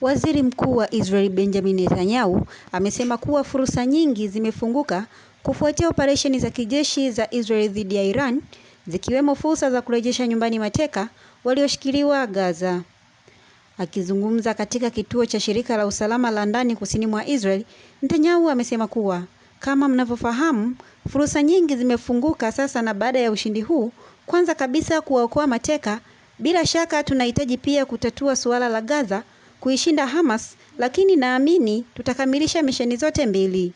Waziri Mkuu wa Israel Benjamin Netanyahu amesema kuwa fursa nyingi zimefunguka kufuatia operesheni za kijeshi za Israel dhidi ya Iran, zikiwemo fursa za kurejesha nyumbani mateka walioshikiliwa Gaza. Akizungumza katika kituo cha shirika la usalama la ndani kusini mwa Israel, Netanyahu amesema kuwa kama mnavyofahamu, fursa nyingi zimefunguka sasa na baada ya ushindi huu, kwanza kabisa kuwaokoa mateka, bila shaka tunahitaji pia kutatua suala la Gaza kuishinda Hamas, lakini naamini tutakamilisha misheni zote mbili.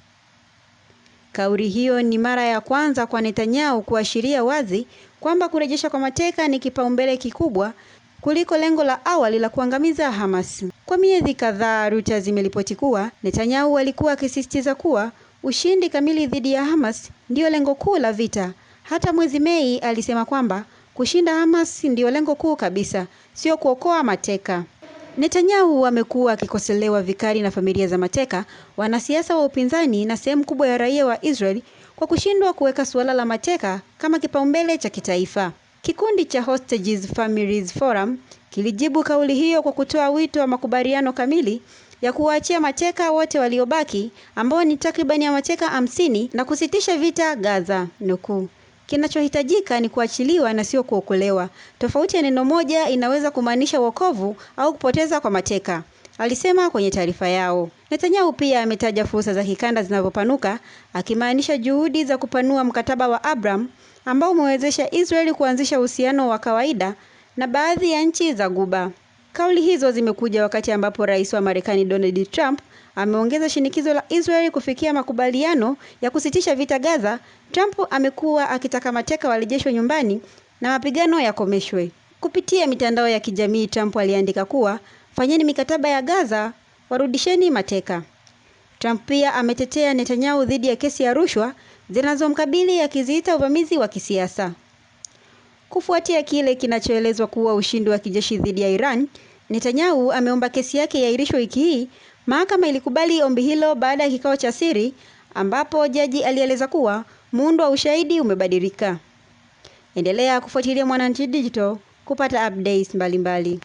Kauli hiyo ni mara ya kwanza kwa Netanyahu kuashiria wazi kwamba kurejesha kwa mateka ni kipaumbele kikubwa kuliko lengo la awali la kuangamiza Hamas. Kwa miezi kadhaa, Reuters zimeripoti kuwa Netanyahu alikuwa akisisitiza kuwa ushindi kamili dhidi ya Hamas ndiyo lengo kuu la vita. Hata mwezi Mei alisema kwamba kushinda Hamas ndiyo lengo kuu kabisa, sio kuokoa mateka. Netanyahu amekuwa akikosolewa vikali na familia za mateka, wanasiasa wa upinzani na sehemu kubwa ya raia wa Israel kwa kushindwa kuweka suala la mateka kama kipaumbele cha kitaifa. Kikundi cha Hostages Families Forum kilijibu kauli hiyo kwa kutoa wito wa makubaliano kamili ya kuwaachia mateka wote waliobaki ambao ni takribani ya mateka hamsini na kusitisha vita Gaza. Nukuu. Kinachohitajika ni kuachiliwa na sio kuokolewa. Tofauti ya neno moja inaweza kumaanisha wokovu au kupoteza kwa mateka, alisema kwenye taarifa yao. Netanyahu pia ametaja fursa za kikanda zinavyopanuka, akimaanisha juhudi za kupanua mkataba wa Abraham ambao umewezesha Israeli kuanzisha uhusiano wa kawaida na baadhi ya nchi za guba Kauli hizo zimekuja wakati ambapo rais wa Marekani Donald Trump ameongeza shinikizo la Israeli kufikia makubaliano ya kusitisha vita Gaza. Trump amekuwa akitaka mateka warejeshwe nyumbani na mapigano yakomeshwe. Kupitia mitandao ya kijamii, Trump aliandika kuwa fanyeni mikataba ya Gaza, warudisheni mateka. Trump pia ametetea Netanyahu dhidi ya kesi ya rushwa zinazomkabili akiziita uvamizi wa kisiasa. Kufuatia kile kinachoelezwa kuwa ushindi wa kijeshi dhidi ya Iran, Netanyahu ameomba kesi yake iahirishwe wiki hii. Mahakama ilikubali ombi hilo baada ya kikao cha siri ambapo jaji alieleza kuwa muundo wa ushahidi umebadilika. Endelea kufuatilia Mwananchi Digital kupata updates mbalimbali mbali.